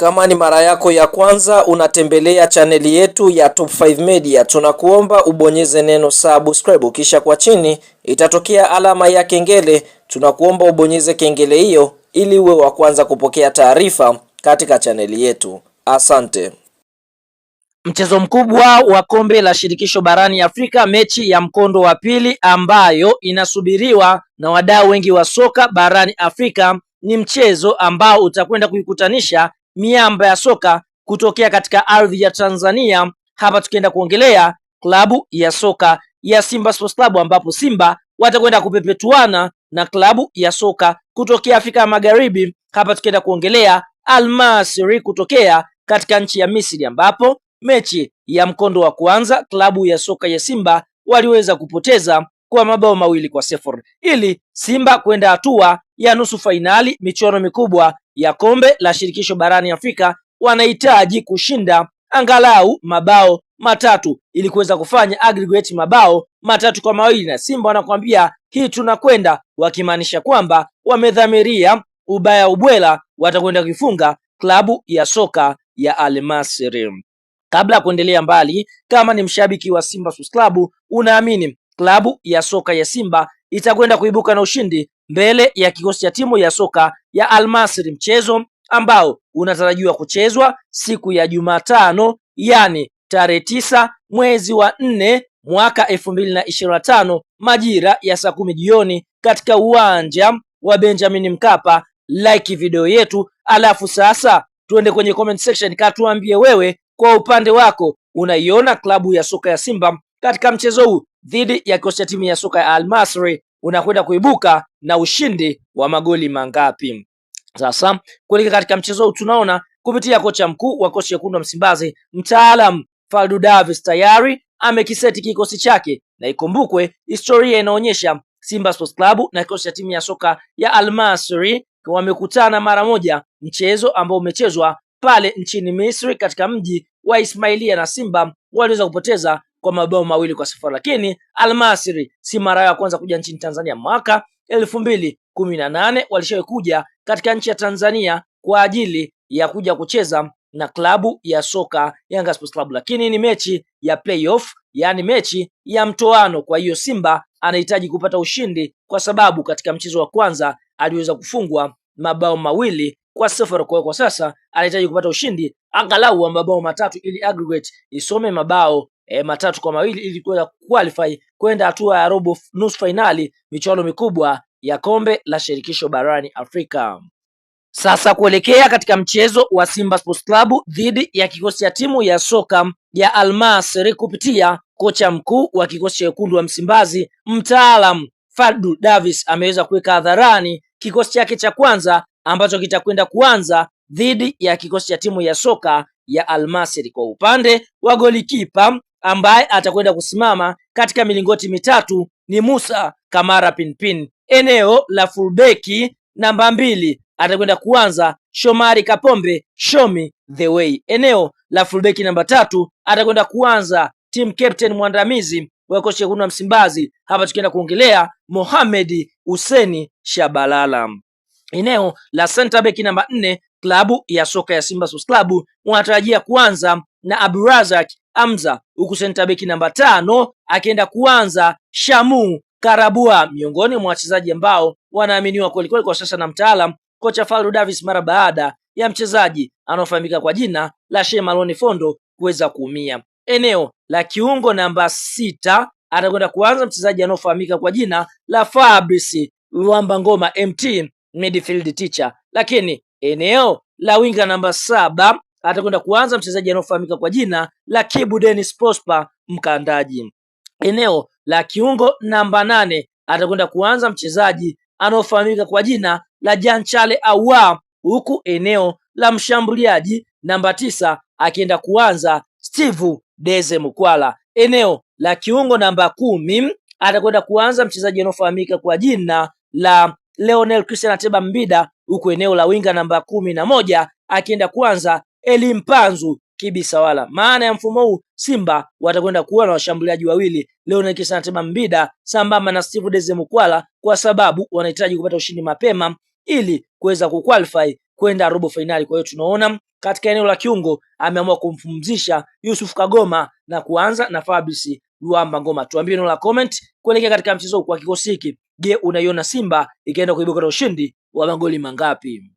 Kama ni mara yako ya kwanza unatembelea chaneli yetu ya Top 5 Media, tunakuomba ubonyeze neno subscribe, kisha kwa chini itatokea alama ya kengele. Tunakuomba ubonyeze kengele hiyo ili uwe wa kwanza kupokea taarifa katika chaneli yetu. Asante. Mchezo mkubwa wa kombe la shirikisho barani Afrika, mechi ya mkondo wa pili ambayo inasubiriwa na wadau wengi wa soka barani Afrika ni mchezo ambao utakwenda kuikutanisha miamba ya soka kutokea katika ardhi ya Tanzania. Hapa tukienda kuongelea klabu ya soka ya Simba Sports Club ambapo Simba watakwenda kupepetuana na klabu ya soka kutokea Afrika ya Magharibi. Hapa tukienda kuongelea Al Masry kutokea katika nchi ya Misri ambapo mechi ya mkondo wa kwanza klabu ya soka ya Simba waliweza kupoteza kwa mabao mawili kwa sifuri ili Simba kwenda hatua ya nusu fainali michuano mikubwa ya kombe la shirikisho barani Afrika. Wanahitaji kushinda angalau mabao matatu ili kuweza kufanya aggregate mabao matatu kwa mawili, na Simba wanakuambia hii tunakwenda, wakimaanisha kwamba wamedhamiria ubaya ubwela, watakwenda kuifunga klabu ya soka ya Almasri. Kabla ya kuendelea mbali, kama ni mshabiki wa Simba Sports Club, unaamini klabu ya soka ya Simba itakwenda kuibuka na ushindi mbele ya kikosi cha timu ya soka ya Almasri, mchezo ambao unatarajiwa kuchezwa siku ya Jumatano, yani tarehe tisa mwezi wa nne mwaka elfu mbili na ishirini na tano majira ya saa kumi jioni katika uwanja wa Benjamin Mkapa. Like video yetu, alafu sasa tuende kwenye comment section, katuambie wewe kwa upande wako unaiona klabu ya soka ya Simba katika mchezo huu dhidi ya kikosi cha timu ya soka ya Al Masry unakwenda kuibuka na ushindi wa magoli mangapi? Sasa kuelekea katika mchezo huu tunaona kupitia kocha mkuu wa kosi wekundu wa Msimbazi mtaalam Faldu Davis tayari amekiseti kikosi chake, na ikumbukwe historia inaonyesha Simba Sports Club na kikosi cha timu ya soka ya Al Masry wamekutana mara moja, mchezo ambao umechezwa pale nchini Misri katika mji wa Ismailia, na Simba waliweza kupoteza kwa mabao mawili kwa sifuri, lakini Almasri si mara ya kwanza kuja nchini Tanzania. Mwaka elfu mbili kumi na nane walishawahi kuja katika nchi ya Tanzania kwa ajili ya kuja kucheza na klabu ya soka Yanga Sports Club, lakini ni mechi ya playoff, yaani mechi ya mtoano. Kwa hiyo Simba anahitaji kupata ushindi, kwa sababu katika mchezo wa kwanza aliweza kufungwa mabao mawili kwa sifuri. Kwa hiyo kwa sasa anahitaji kupata ushindi angalau wa mabao matatu ili aggregate isome mabao e, matatu kwa mawili ili kuweza qualify kwenda hatua ya robo nusu fainali michuano mikubwa ya kombe la shirikisho barani Afrika. Sasa kuelekea katika mchezo wa Simba Sports Club dhidi ya kikosi cha timu ya soka ya almasri kupitia kocha mkuu wa kikosi cha wekundu wa Msimbazi mtaalam Fadlu Davis ameweza kuweka hadharani kikosi chake cha kwanza ambacho kitakwenda kuanza dhidi ya kikosi cha timu ya soka ya almasri Kwa upande wa golikipa ambaye atakwenda kusimama katika milingoti mitatu ni Musa Kamara Pinpin. Eneo la fulbeki namba mbili atakwenda kuanza Shomari Kapombe Shomi the way. Eneo la fullbeki namba tatu atakwenda kuanza team captain mwandamizi wa kocha wekundu wa Msimbazi, hapa tukienda kuongelea Mohamed Huseni Shabalala. Eneo la center back namba nne klabu ya soka ya Simba Sports Club wanatarajia kuanza na Abdurazak Hamza, huku senta beki namba tano akienda kuanza Shamu Karabua, miongoni mwa wachezaji ambao wanaaminiwa kwelikweli kwa sasa na mtaalam kocha Faru Davis mara baada ya mchezaji anaofahamika kwa jina la Shea Malone Fondo kuweza kuumia. Eneo la kiungo namba sita atakwenda kuanza mchezaji anaofahamika kwa jina la Fabrice Luamba Ngoma MT midfield teacher, lakini eneo la winga namba saba atakwenda kuanza mchezaji anayofahamika kwa jina la Kibu Dennis Prosper mkandaji. Eneo la kiungo namba nane atakwenda kuanza mchezaji anayofahamika kwa jina la Janchale Awa, huku eneo la mshambuliaji namba tisa akienda kuanza Steve Deze Mukwala. Eneo la kiungo namba kumi atakwenda kuanza mchezaji anayofahamika kwa jina la Leonel Christian Ateba Mbida, huku eneo la winga namba kumi na moja akienda kuanza elimpanzu kibisawala. Maana ya mfumo huu, Simba watakwenda kuwa na washambuliaji wawili Leonekis na Mbida sambamba na Steve Deze Mukwala, kwa sababu wanahitaji kupata ushindi mapema ili kuweza kuqualify kwenda robo fainali. Kwa hiyo tunaona katika eneo la kiungo ameamua kumpumzisha Yusuf Kagoma na kuanza na Fabrice Luamba Ngoma. Tuambie eneo la comment kuelekea katika mchezo kwa kikosi hiki. Je, unaiona Simba ikaenda kuibuka na ushindi wa magoli mangapi?